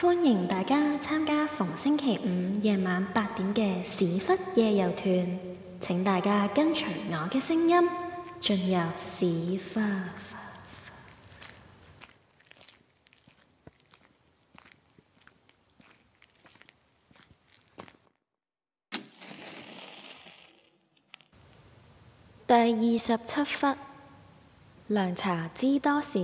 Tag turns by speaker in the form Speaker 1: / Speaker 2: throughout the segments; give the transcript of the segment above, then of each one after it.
Speaker 1: 歡迎大家參加逢星期五夜晚八點嘅史窟夜遊團。請大家跟隨我嘅聲音，進入史窟。第二十七窟，涼茶知多少？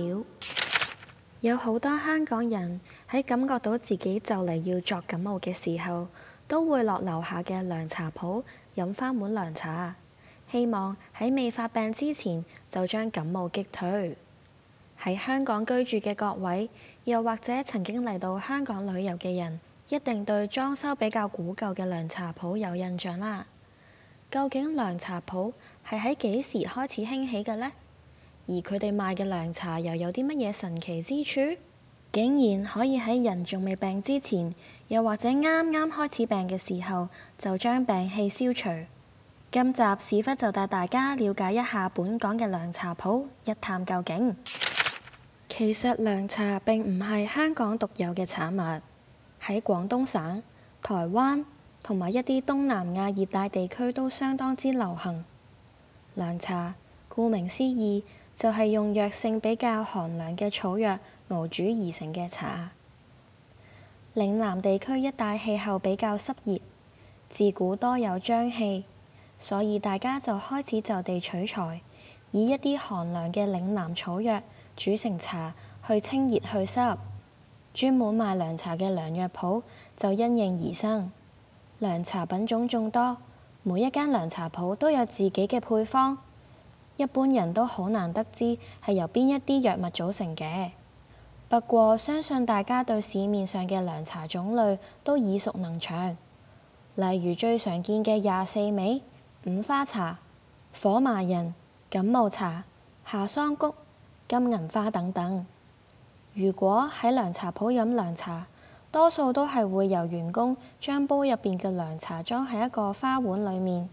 Speaker 1: 有好多香港人喺感覺到自己就嚟要作感冒嘅時候，都會落樓下嘅涼茶鋪飲返碗涼茶，希望喺未發病之前就將感冒擊退。喺香港居住嘅各位，又或者曾經嚟到香港旅遊嘅人，一定對裝修比較古舊嘅涼茶鋪有印象啦。究竟涼茶鋪係喺幾時開始興起嘅呢？而佢哋賣嘅涼茶又有啲乜嘢神奇之處？竟然可以喺人仲未病之前，又或者啱啱開始病嘅時候，就將病氣消除。今集史窟就帶大家了解一下本港嘅涼茶鋪，一探究竟。其實涼茶並唔係香港獨有嘅產物，喺廣東省、台灣同埋一啲東南亞熱帶地區都相當之流行。涼茶，顧名思義。就係用藥性比較寒涼嘅草藥熬煮而成嘅茶啊！嶺南地區一帶氣候比較濕熱，自古多有瘴氣，所以大家就開始就地取材，以一啲寒涼嘅嶺南草藥煮成茶去清熱去濕。專門賣涼茶嘅涼藥舖就因應而生，涼茶品種眾多，每一間涼茶舖都有自己嘅配方。一般人都好難得知係由邊一啲藥物組成嘅。不過，相信大家對市面上嘅涼茶種類都耳熟能詳，例如最常見嘅廿四味、五花茶、火麻仁、感冒茶、夏桑菊、金銀花等等。如果喺涼茶鋪飲涼茶，多數都係會由員工將煲入邊嘅涼茶裝喺一個花碗裏面。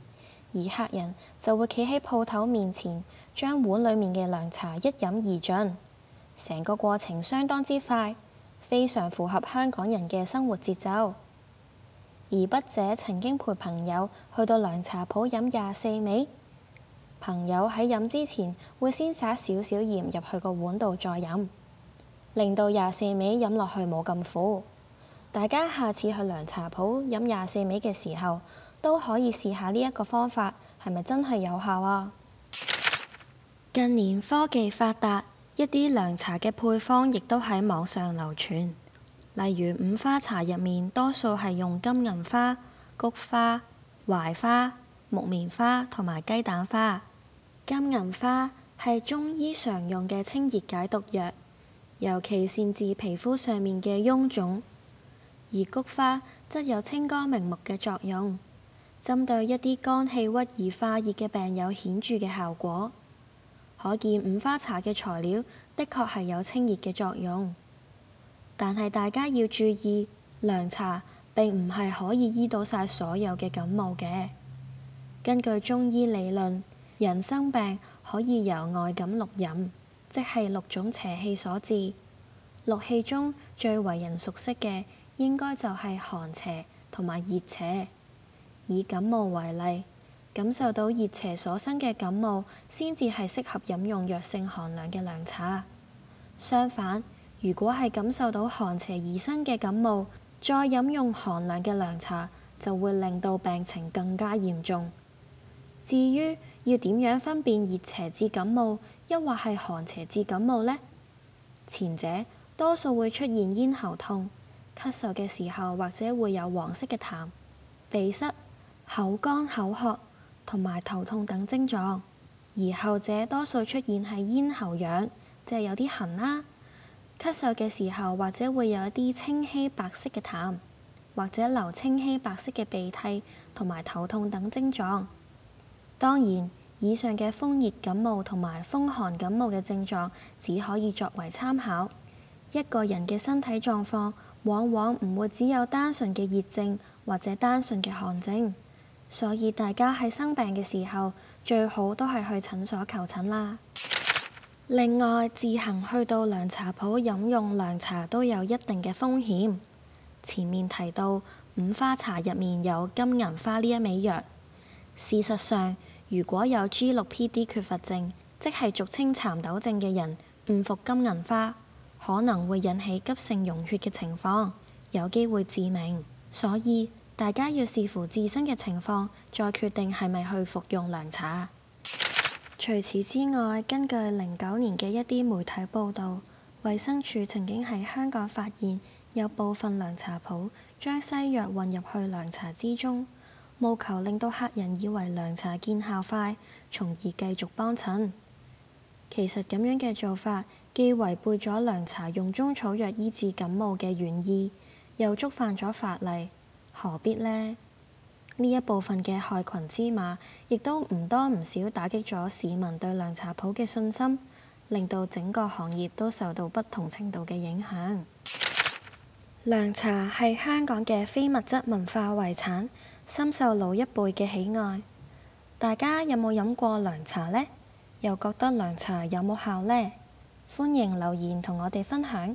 Speaker 1: 而客人就會企喺鋪頭面前，將碗裡面嘅涼茶一飲而盡，成個過程相當之快，非常符合香港人嘅生活節奏。而筆者曾經陪朋友去到涼茶鋪飲廿四味，朋友喺飲之前會先撒少少鹽入去個碗度再飲，令到廿四味飲落去冇咁苦。大家下次去涼茶鋪飲廿四味嘅時候，都可以試下呢一個方法，係咪真係有效啊？近年科技發達，一啲涼茶嘅配方亦都喺網上流傳，例如五花茶入面，多數係用金銀花、菊花、槐花、木棉花同埋雞蛋花。金銀花係中醫常用嘅清熱解毒藥，尤其善治皮膚上面嘅臃腫，而菊花則有清肝明目嘅作用。針對一啲肝氣鬱而化熱嘅病有顯著嘅效果，可見五花茶嘅材料的確係有清熱嘅作用。但係大家要注意，涼茶並唔係可以醫到晒所有嘅感冒嘅。根據中醫理論，人生病可以由外感六淫，即係六種邪氣所致。六氣中最為人熟悉嘅，應該就係寒邪同埋熱邪。以感冒為例，感受到熱邪所生嘅感冒，先至係適合飲用藥性寒涼嘅涼茶。相反，如果係感受到寒邪而生嘅感冒，再飲用寒涼嘅涼茶，就會令到病情更加嚴重。至於要點樣分辨熱邪致感冒，抑或係寒邪致感冒呢？前者多數會出現咽喉痛、咳嗽嘅時候或者會有黃色嘅痰、鼻塞、口乾、口渴同埋頭痛等症狀，而後者多數出現係咽喉癢，即係有啲痕啦、啊。咳嗽嘅時候或者會有一啲清稀白色嘅痰，或者流清稀白色嘅鼻涕同埋頭痛等症狀。當然，以上嘅風熱感冒同埋風寒感冒嘅症狀只可以作為參考。一個人嘅身體狀況往往唔會只有單純嘅熱症或者單純嘅寒症。所以大家喺生病嘅時候，最好都係去診所求診啦。另外，自行去到涼茶鋪飲用涼茶都有一定嘅風險。前面提到五花茶入面有金銀花呢一味藥，事實上，如果有 G6PD 缺乏症，即係俗稱蠶豆症嘅人，誤服金銀花可能會引起急性溶血嘅情況，有機會致命。所以大家要視乎自身嘅情況，再決定係咪去服用涼茶。除此之外，根據零九年嘅一啲媒體報導，衛生署曾經喺香港發現有部分涼茶鋪將西藥混入去涼茶之中，務求令到客人以為涼茶見效快，從而繼續幫襯。其實咁樣嘅做法，既違背咗涼茶用中草藥醫治感冒嘅原意，又觸犯咗法例。何必呢？呢一部分嘅害群之馬，亦都唔多唔少打擊咗市民對涼茶舖嘅信心，令到整個行業都受到不同程度嘅影響。涼茶係香港嘅非物質文化遺產，深受老一輩嘅喜愛。大家有冇飲過涼茶呢？又覺得涼茶有冇效呢？歡迎留言同我哋分享。